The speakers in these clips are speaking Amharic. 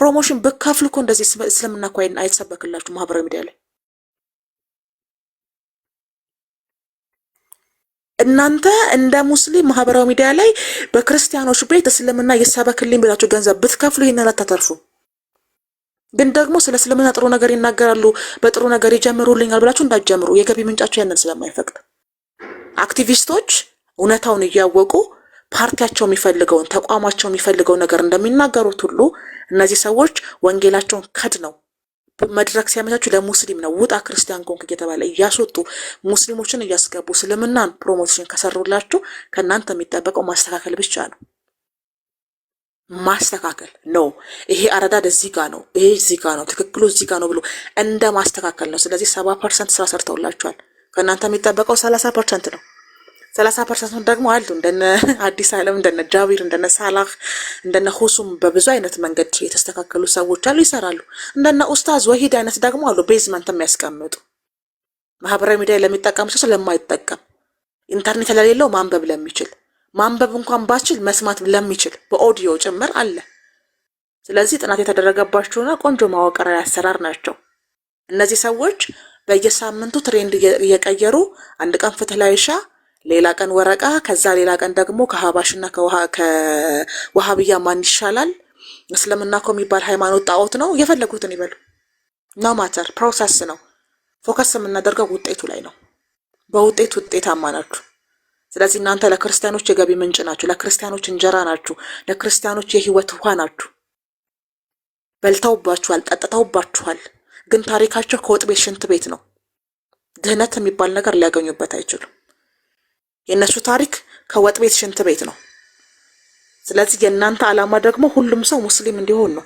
ፕሮሞሽን ብከፍል እኮ እንደዚህ እስልምና እኮ አይተሰበክላችሁ ማህበራዊ ሚዲያ ላይ እናንተ እንደ ሙስሊም ማህበራዊ ሚዲያ ላይ በክርስቲያኖች ቤት እስልምና ይሰበክልኝ ብላችሁ ገንዘብ ብትከፍሉ ይህንን አታተርፉ። ግን ደግሞ ስለ እስልምና ጥሩ ነገር ይናገራሉ፣ በጥሩ ነገር ይጀምሩልኛል ብላችሁ እንዳትጀምሩ። የገቢ ምንጫቸው ያንን ስለማይፈቅድ አክቲቪስቶች እውነታውን እያወቁ ፓርቲያቸው የሚፈልገውን ተቋማቸው የሚፈልገው ነገር እንደሚናገሩት ሁሉ እነዚህ ሰዎች ወንጌላቸውን ከድነው መድረክ ሲያመቻቹ ለሙስሊም ነው ውጣ ክርስቲያን ኮንክ እየተባለ እያስወጡ ሙስሊሞችን እያስገቡ እስልምናን ፕሮሞሽን ከሰሩላችሁ ከእናንተ የሚጠበቀው ማስተካከል ብቻ ነው። ማስተካከል ነው። ይሄ አረዳድ እዚህ ጋ ነው፣ ይሄ እዚህ ጋ ነው፣ ትክክሉ እዚህ ጋ ነው ብሎ እንደ ማስተካከል ነው። ስለዚህ ሰባ ፐርሰንት ስራ ሰርተውላችኋል። ከእናንተ የሚጠበቀው ሰላሳ ፐርሰንት ነው። ሰላሳ ፐርሰንቱን ደግሞ አሉ እንደነ አዲስ አለም እንደነ ጃቢር እንደነ ሳላህ እንደነ ሁሱም በብዙ አይነት መንገድ የተስተካከሉ ሰዎች አሉ፣ ይሰራሉ። እንደነ ኡስታዝ ወሂድ አይነት ደግሞ አሉ ቤዝመንት የሚያስቀምጡ ማህበራዊ ሚዲያ ለሚጠቀም ሰው ስለማይጠቀም ኢንተርኔት ለሌለው ማንበብ ለሚችል ማንበብ እንኳን ባችል መስማት ለሚችል በኦዲዮ ጭምር አለ። ስለዚህ ጥናት የተደረገባቸውና ቆንጆ ማዋቀራዊ አሰራር ናቸው። እነዚህ ሰዎች በየሳምንቱ ትሬንድ እየቀየሩ አንድ ቀን ፍትህ ላይሻ ሌላ ቀን ወረቃ፣ ከዛ ሌላ ቀን ደግሞ ከሀባሽና ከውሃብያ ማን ይሻላል? እስልምና እኮ የሚባል ሃይማኖት ጣዖት ነው። የፈለጉትን ይበሉ ኖ ማተር ፕሮሰስ ነው። ፎከስ የምናደርገው ውጤቱ ላይ ነው። በውጤት ውጤታማ ናችሁ። ስለዚህ እናንተ ለክርስቲያኖች የገቢ ምንጭ ናችሁ። ለክርስቲያኖች እንጀራ ናችሁ። ለክርስቲያኖች የህይወት ውሃ ናችሁ። በልተውባችኋል፣ ጠጥተውባችኋል። ግን ታሪካቸው ከወጥ ቤት ሽንት ቤት ነው። ድህነት የሚባል ነገር ሊያገኙበት አይችሉም። የእነሱ ታሪክ ከወጥ ቤት ሽንት ቤት ነው። ስለዚህ የእናንተ ዓላማ ደግሞ ሁሉም ሰው ሙስሊም እንዲሆን ነው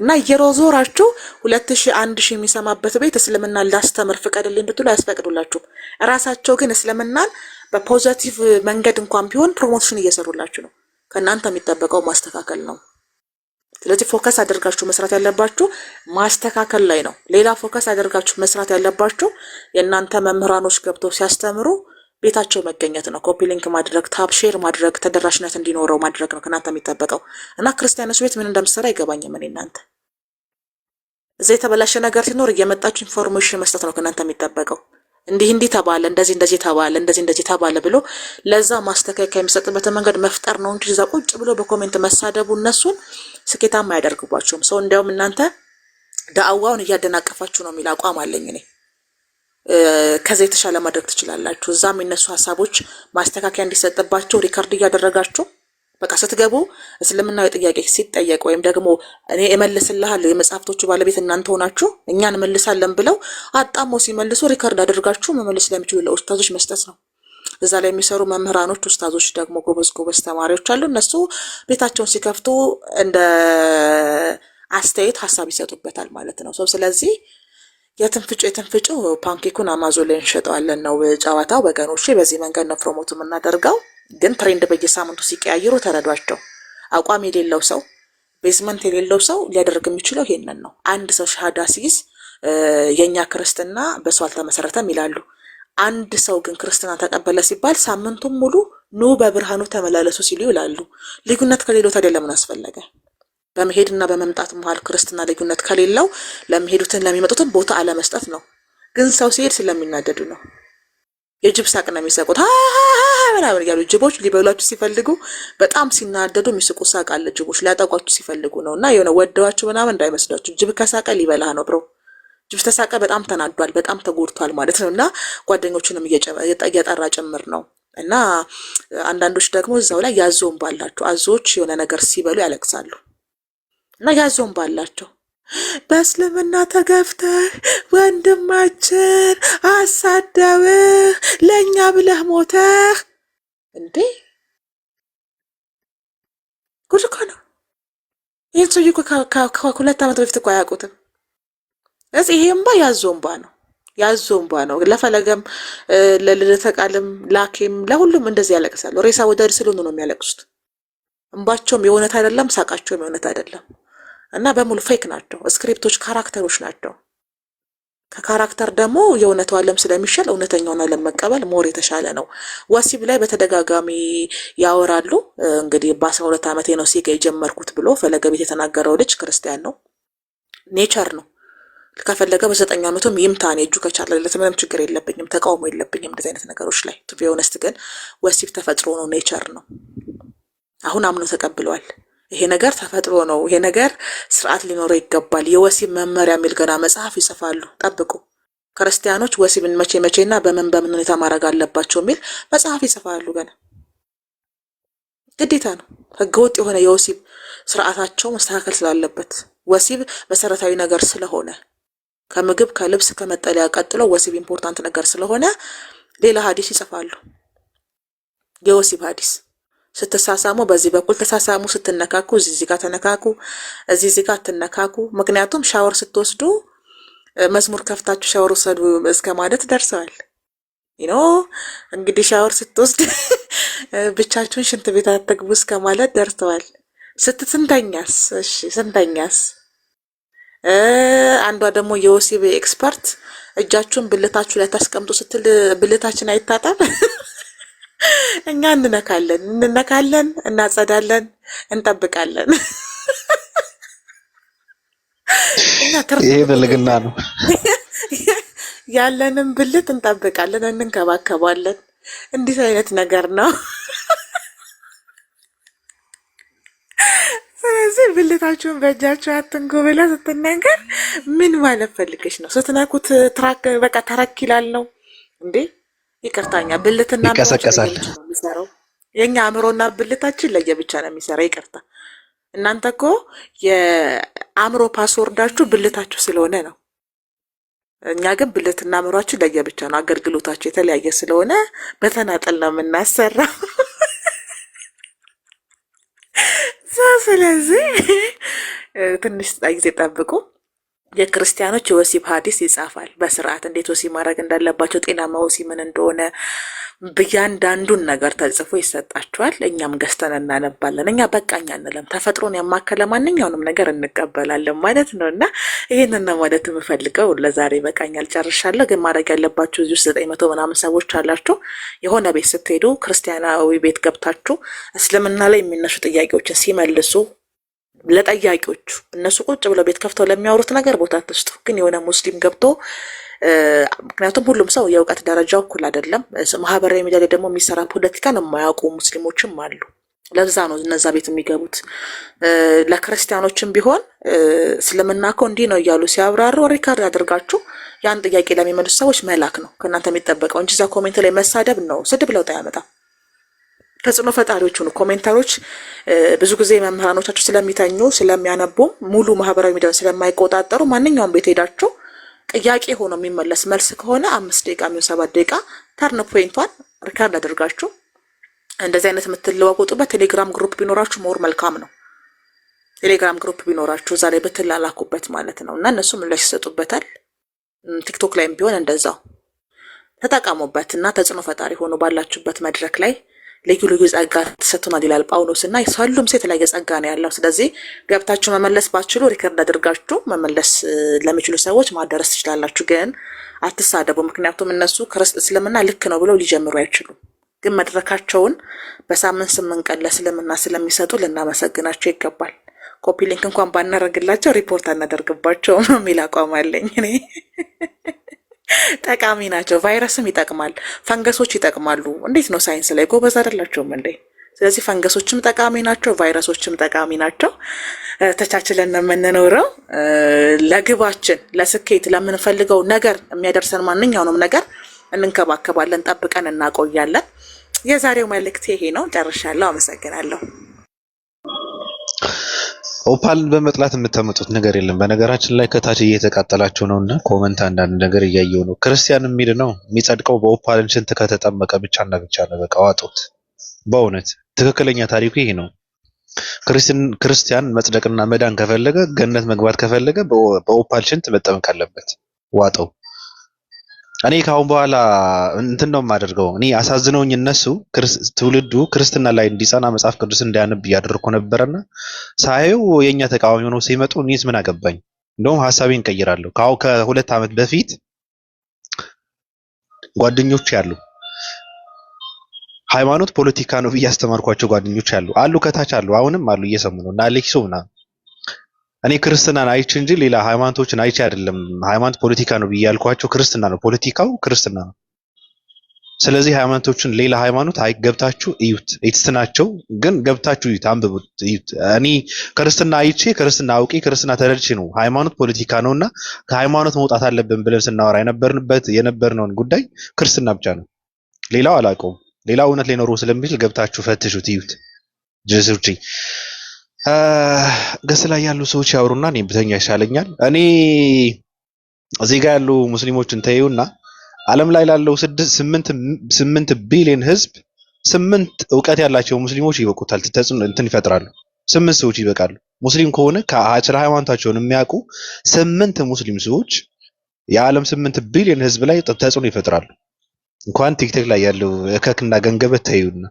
እና እየሮዞራችሁ ሁለት ሺህ አንድ ሺህ የሚሰማበት ቤት እስልምናን ላስተምር ፍቀድልኝ ብትሉ አያስፈቅዱላችሁም። እራሳቸው ግን እስልምናን በፖዘቲቭ መንገድ እንኳን ቢሆን ፕሮሞሽን እየሰሩላችሁ ነው። ከእናንተ የሚጠበቀው ማስተካከል ነው። ስለዚህ ፎከስ አድርጋችሁ መስራት ያለባችሁ ማስተካከል ላይ ነው። ሌላ ፎከስ አድርጋችሁ መስራት ያለባችሁ የእናንተ መምህራኖች ገብተው ሲያስተምሩ ቤታቸው መገኘት ነው። ኮፒ ሊንክ ማድረግ፣ ታብ ሼር ማድረግ፣ ተደራሽነት እንዲኖረው ማድረግ ነው ከእናንተ የሚጠበቀው እና ክርስቲያኖች ቤት ምን እንደምሰራ አይገባኝም እኔ እናንተ እዚ የተበላሸ ነገር ሲኖር እየመጣችሁ ኢንፎርሜሽን መስጠት ነው ከእናንተ የሚጠበቀው። እንዲህ እንዲህ ተባለ፣ እንደዚህ እንደዚህ ተባለ፣ እንደዚህ እንደዚህ ተባለ ብሎ ለዛ ማስተካከያ የሚሰጥበት መንገድ መፍጠር ነው እንጂ እዛ ቁጭ ብሎ በኮሜንት መሳደቡ እነሱን ስኬታማ አያደርግባቸውም። ሰው እንዲያውም እናንተ ዳአዋውን እያደናቀፋችሁ ነው የሚል አቋም አለኝ እኔ። ከዚህ የተሻለ ማድረግ ትችላላችሁ። እዛ የነሱ ሀሳቦች ማስተካከያ እንዲሰጥባቸው ሪከርድ እያደረጋችሁ በቃ ስትገቡ እስልምናዊ ጥያቄ ሲጠየቅ ወይም ደግሞ እኔ እመልስልሃለሁ የመጽሐፍቶቹ ባለቤት እናንተ ሆናችሁ እኛ እንመልሳለን ብለው አጣሞ ሲመልሱ ሪከርድ አድርጋችሁ መመልስ ለሚችሉ ለኡስታዞች መስጠት ነው። እዛ ላይ የሚሰሩ መምህራኖች፣ ኡስታዞች ደግሞ ጎበዝ ጎበዝ ተማሪዎች አሉ። እነሱ ቤታቸውን ሲከፍቱ እንደ አስተያየት ሀሳብ ይሰጡበታል ማለት ነው ሰው ስለዚህ የትንፍጭ የትንፍጩ ፓንኬኩን አማዞን ላይ እንሸጠዋለን ነው ጨዋታው። ወገኖች በዚህ መንገድ ነው ፕሮሞት የምናደርገው። ግን ትሬንድ በየሳምንቱ ሲቀያየሩ ተረዷቸው። አቋም የሌለው ሰው ቤዝመንት የሌለው ሰው ሊያደርግ የሚችለው ይሄንን ነው። አንድ ሰው ሻሃዳ ሲይዝ የእኛ ክርስትና በሰው አልተመሰረተም ይላሉ። አንድ ሰው ግን ክርስትና ተቀበለ ሲባል ሳምንቱም ሙሉ ኑ በብርሃኑ ተመላለሱ ሲሉ ይውላሉ። ልዩነት ከሌሎት አይደለም ለምን አስፈለገ በመሄድና በመምጣት መሀል ክርስትና ልዩነት ከሌለው ለሚሄዱትን ለሚመጡትን ቦታ አለመስጠት ነው። ግን ሰው ሲሄድ ስለሚናደዱ ነው። የጅብ ሳቅ ነው የሚሰቁት ምናምን እያሉ ጅቦች ሊበሏችሁ ሲፈልጉ በጣም ሲናደዱ የሚስቁ ሳቅ አለ። ጅቦች ሊያጠቋችሁ ሲፈልጉ ነው እና የሆነ ወደዋችሁ ምናምን እንዳይመስላችሁ። ጅብ ከሳቀ ሊበላህ ነው ብሮ ጅብ ተሳቀ በጣም ተናዷል፣ በጣም ተጎድቷል ማለት ነው እና ጓደኞችንም እየጠራ ጭምር ነው እና አንዳንዶች ደግሞ እዛው ላይ ያዞውን ባላቸው አዞዎች የሆነ ነገር ሲበሉ ያለቅሳሉ። ነጋዞም ባላቸው በእስልምና ተገፍተህ ወንድማችን አሳደውህ ለእኛ ብለህ ሞተህ እንዴ! ጉድ እኮ ነው። ይህን ሰውዬ ከሁለት ዓመት በፊት እኮ አያውቁትም። እዚህ ይሄ እምባ ነው፣ ያዞ ነው። ለፈለገም ለልደተ ቃልም ላኬም ለሁሉም እንደዚህ ያለቅሳሉ። ሬሳ ወደ ስለሆኑ ነው የሚያለቅሱት። እምባቸውም የእውነት አይደለም፣ ሳቃቸውም የእውነት አይደለም። እና በሙሉ ፌክ ናቸው። ስክሪፕቶች ካራክተሮች ናቸው። ከካራክተር ደግሞ የእውነቱ ዓለም ስለሚሻል እውነተኛውን ዓለም መቀበል ሞር የተሻለ ነው። ወሲብ ላይ በተደጋጋሚ ያወራሉ። እንግዲህ በአስራ ሁለት ዓመቴ ነው ሲጋ የጀመርኩት ብሎ ፈለገቤት የተናገረው ልጅ ክርስቲያን ነው። ኔቸር ነው። ከፈለገ በዘጠኝ ዓመቱም ይምታን እጁ ከቻለለት ምንም ችግር የለብኝም፣ ተቃውሞ የለብኝም እንደዚህ አይነት ነገሮች ላይ ቱቢ ሆነስት ግን ወሲብ ተፈጥሮ ነው፣ ኔቸር ነው። አሁን አምኖ ተቀብለዋል። ይሄ ነገር ተፈጥሮ ነው፣ ይሄ ነገር ስርዓት ሊኖረው ይገባል፣ የወሲብ መመሪያ የሚል ገና መጽሐፍ ይጽፋሉ። ጠብቁ። ክርስቲያኖች ወሲብን መቼ መቼ ና በምን በምን ሁኔታ ማድረግ አለባቸው የሚል መጽሐፍ ይጽፋሉ። ገና ግዴታ ነው። ህገወጥ የሆነ የወሲብ ስርዓታቸው መስተካከል ስላለበት ወሲብ መሰረታዊ ነገር ስለሆነ ከምግብ ከልብስ ከመጠለያ ቀጥሎ ወሲብ ኢምፖርታንት ነገር ስለሆነ ሌላ ሀዲስ ይጽፋሉ። የወሲብ ሀዲስ ስትሳሳሙ በዚህ በኩል ተሳሳሙ፣ ስትነካኩ እዚህ ጋር ተነካኩ፣ እዚህ ጋር አትነካኩ። ምክንያቱም ሻወር ስትወስዱ መዝሙር ከፍታችሁ ሻወር ውሰዱ እስከ ማለት ደርሰዋል። ኖ እንግዲህ ሻወር ስትወስድ ብቻችሁን ሽንት ቤት አትግቡ እስከ ማለት ደርሰዋል። ስትስንተኛስ? እሺ ስንተኛስ? አንዷ ደግሞ የወሲብ ኤክስፐርት እጃችሁን ብልታችሁ ላይ ታስቀምጡ ስትል ብልታችን አይታጠብ? እኛ እንነካለን እንነካለን፣ እናጸዳለን፣ እንጠብቃለን። ይሄ ብልግና ነው። ያለንም ብልት እንጠብቃለን፣ እንንከባከባለን። እንዲህ አይነት ነገር ነው። ስለዚህ ብልታችሁን በእጃችሁ አትንኩ ብላ ስትነገር ምን ማለት ፈልገች ነው? ስትነኩት ትራክ በቃ ተረክ ይላል ነው እንዴ? ይቅርታኛ ብልትና ይቀሰቀሳል። የእኛ አእምሮና ብልታችን ለየብቻ ነው የሚሰራ። ይቅርታ እናንተ እኮ የአእምሮ ፓስወርዳችሁ ብልታችሁ ስለሆነ ነው። እኛ ግን ብልትና አእምሯችን ለየብቻ ነው። አገልግሎታችሁ የተለያየ ስለሆነ በተናጠል ነው የምናሰራው። ስለዚህ ትንሽ ጊዜ ጠብቁ። የክርስቲያኖች የወሲብ ሐዲስ ይጻፋል። በስርዓት እንዴት ወሲብ ማድረግ እንዳለባቸው ጤናማ ወሲብ ምን እንደሆነ እያንዳንዱን ነገር ተጽፎ ይሰጣቸዋል። እኛም ገዝተን እናነባለን። እኛ በቃኛ እንለም። ተፈጥሮን ያማከለ ማንኛውንም ነገር እንቀበላለን ማለት ነው። እና ይህንን ነው ማለት የምፈልገው። ለዛሬ በቃኛል፣ ጨርሻለሁ። ግን ማድረግ ያለባችሁ እዚህ ውስጥ ዘጠኝ መቶ ምናምን ሰዎች አላችሁ። የሆነ ቤት ስትሄዱ ክርስቲያናዊ ቤት ገብታችሁ እስልምና ላይ የሚነሱ ጥያቄዎችን ሲመልሱ ለጠያቂዎቹ እነሱ ቁጭ ብለው ቤት ከፍተው ለሚያወሩት ነገር ቦታ አትስጡ። ግን የሆነ ሙስሊም ገብቶ ምክንያቱም ሁሉም ሰው የእውቀት ደረጃው እኩል አይደለም። ማህበራዊ ሚዲያ ላይ ደግሞ የሚሰራ ፖለቲካን የማያውቁ ሙስሊሞችም አሉ። ለዛ ነው እነዛ ቤት የሚገቡት። ለክርስቲያኖችም ቢሆን ስለምናከው እንዲህ ነው እያሉ ሲያብራሩ ሪካርድ አድርጋችሁ ያን ጥያቄ ለሚመልሱ ሰዎች መላክ ነው ከእናንተ የሚጠበቀው እንጂ እዛ ኮሜንት ላይ መሳደብ ነው። ስድብ ለውጥ አያመጣም። ተጽዕኖ ፈጣሪዎች ሆኑ ኮሜንታሮች ብዙ ጊዜ መምህራኖቻቸው ስለሚተኙ ስለሚያነቡ ሙሉ ማህበራዊ ሚዲያ ስለማይቆጣጠሩ ማንኛውም ቤት ሄዳቸው ጥያቄ ሆኖ የሚመለስ መልስ ከሆነ አምስት ደቂቃ የሚሆን ሰባት ደቂቃ ተርን ፖይንቷን ሪካርድ አድርጋችሁ እንደዚህ አይነት የምትለዋወጡበት ቴሌግራም ግሩፕ ቢኖራችሁ መር መልካም ነው። ቴሌግራም ግሩፕ ቢኖራችሁ ዛሬ ብትላላኩበት ማለት ነው እና እነሱ ምላሽ ይሰጡበታል። ቲክቶክ ላይም ቢሆን እንደዛው ተጠቀሙበት እና ተጽዕኖ ፈጣሪ ሆኖ ባላችሁበት መድረክ ላይ ልዩ ልዩ ጸጋ ተሰጥቶናል ይላል ጳውሎስ እና ሁሉም ሰው የተለያየ ጸጋ ነው ያለው። ስለዚህ ገብታችሁ መመለስ ባችሉ ሪከርድ አድርጋችሁ መመለስ ለሚችሉ ሰዎች ማደረስ ትችላላችሁ። ግን አትሳደቡ። ምክንያቱም እነሱ እስልምና ልክ ነው ብለው ሊጀምሩ አይችሉም። ግን መድረካቸውን በሳምንት ስምንት ቀን ለእስልምና ስለሚሰጡ ልናመሰግናቸው ይገባል። ኮፒ ሊንክ እንኳን ባናደርግላቸው ሪፖርት አናደርግባቸውም የሚል አቋም አለኝ እኔ። ጠቃሚ ናቸው። ቫይረስም ይጠቅማል፣ ፈንገሶች ይጠቅማሉ። እንዴት ነው ሳይንስ ላይ ጎበዝ አይደላቸውም እንዴ? ስለዚህ ፈንገሶችም ጠቃሚ ናቸው፣ ቫይረሶችም ጠቃሚ ናቸው። ተቻችለን ነው የምንኖረው። ለግባችን፣ ለስኬት፣ ለምንፈልገው ነገር የሚያደርሰን ማንኛውንም ነገር እንንከባከባለን፣ ጠብቀን እናቆያለን። የዛሬው መልእክት ይሄ ነው። ጨርሻለሁ። አመሰግናለሁ። ኦፓልን በመጥላት የምታመጡት ነገር የለም። በነገራችን ላይ ከታች እየተቃጠላቸው ነው እና ኮመንት አንዳንድ ነገር እያየው ነው። ክርስቲያን የሚል ነው የሚጸድቀው በኦፓልን ሽንት ከተጠመቀ ብቻና ብቻ ነው። በቃ ዋጡት። በእውነት ትክክለኛ ታሪኩ ይሄ ነው። ክርስቲያን መጽደቅና መዳን ከፈለገ ገነት መግባት ከፈለገ በኦፓል ሽንት መጠመቅ አለበት። ዋጠው። እኔ ከአሁን በኋላ እንትን ነው የማደርገው። እኔ አሳዝነውኝ እነሱ ትውልዱ ክርስትና ላይ እንዲጸና መጽሐፍ ቅዱስ እንዲያነብ እያደረኩ ነበረና ሳየው የእኛ ተቃዋሚ ሆነው ሲመጡ እኔስ ምን አገባኝ። እንደውም ሀሳቤን እንቀይራለሁ ከአሁ ከሁለት ዓመት በፊት ጓደኞች ያሉ ሃይማኖት ፖለቲካ ነው ብዬ አስተማርኳቸው ጓደኞች አሉ አሉ ከታች አሉ አሁንም አሉ እየሰሙ ነው እና ሌክሶ ምናምን እኔ ክርስትናን አይቼ እንጂ ሌላ ሃይማኖቶችን አይቼ አይደለም። ሃይማኖት ፖለቲካ ነው ብዬ ያልኳቸው ክርስትና ነው፣ ፖለቲካው ክርስትና ነው። ስለዚህ ሃይማኖቶችን ሌላ ሃይማኖት ገብታችሁ እዩት፣ ኤቲስት ናቸው ግን ገብታችሁ እዩት፣ አንብቡት፣ እዩት። እኔ ክርስትና አይቼ ክርስትና አውቄ ክርስትና ተረድቼ ነው። ሃይማኖት ፖለቲካ ነው እና ከሃይማኖት መውጣት አለብን ብለን ስናወራ የነበርንበት የነበርነውን ጉዳይ ክርስትና ብቻ ነው። ሌላው አላውቀውም። ሌላው እውነት ሊኖረው ስለሚችል ገብታችሁ ፈትሹት፣ እዩት። ጅስርቺ ገስ ላይ ያሉ ሰዎች ያወሩና እኔ ብተኛ ይሻለኛል። እኔ እዚህ ጋር ያሉ ሙስሊሞችን ተይውና ዓለም ላይ ላለው ስምንት ቢሊዮን ህዝብ ስምንት እውቀት ያላቸው ሙስሊሞች ይበቁታል። ተጽዕኖ እንትን ይፈጥራሉ። ስምንት ሰዎች ይበቃሉ። ሙስሊም ከሆነ ስለ ሃይማኖታቸውን የሚያውቁ ስምንት ሙስሊም ሰዎች የዓለም ስምንት ቢሊዮን ህዝብ ላይ ተጽዕኖ ይፈጥራሉ። እንኳን ቲክቶክ ላይ ያለው እከክና ገንገበት ተይውና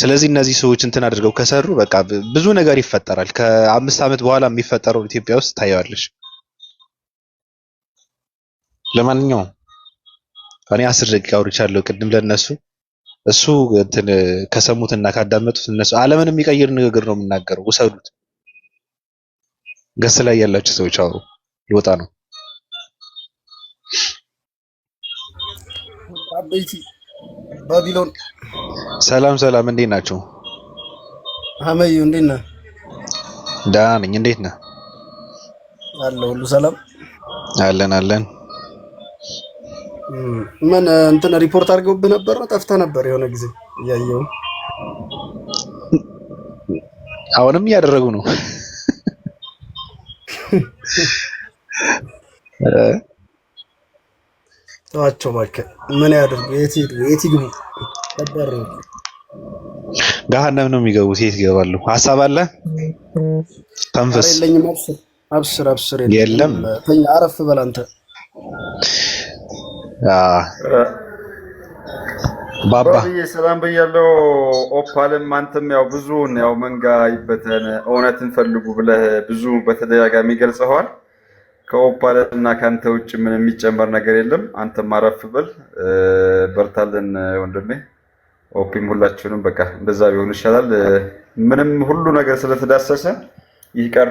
ስለዚህ እነዚህ ሰዎች እንትን አድርገው ከሰሩ በቃ ብዙ ነገር ይፈጠራል። ከአምስት ዓመት በኋላ የሚፈጠረው ኢትዮጵያ ውስጥ ታየዋለች። ለማንኛውም እኔ አስር ደቂቃ አውርቻለሁ ቅድም ለነሱ እሱ እንትን ከሰሙትና ካዳመጡት እነሱ ዓለምን የሚቀይር ንግግር ነው የምናገረው። ውሰዱት። ገስ ላይ ያላችሁ ሰዎች አውሩ። ልወጣ ነው። ባቢሎን ሰላም ሰላም፣ እንዴት ናችሁ? አመዩ እንዴት ነህ? ደህና ነኝ። እንዴት ነህ? አለ ሁሉ ሰላም አለን አለን። ምን እንትን ሪፖርት አድርገውብህ ነበር ነው? ጠፍተህ ነበር የሆነ ጊዜ እያየሁ። አሁንም እያደረጉ ነው። ተዋቸው እባክህ። ምን ያደርጉ? የት ይግቡ? ገሃነም ነው የሚገቡት። ሴት ይገባሉ? ሀሳብ አለ ተንፍስ። አብስር አብስር። የለም አረፍ በል አንተ። ባባ ሰላም በያለው። ኦፓልም አንተም ያው ብዙውን ያው መንጋ ይበተን እውነትን ፈልጉ ብለህ ብዙ በተደጋጋሚ ገልጸዋል። ከኦፓል እና ከአንተ ውጭ ምን የሚጨመር ነገር የለም። አንተም አረፍ በል። በርታልን ወንድሜ። ኦፒም ሁላችሁንም በቃ እንደዛ ቢሆን ይሻላል። ምንም ሁሉ ነገር ስለተዳሰሰ ይቀር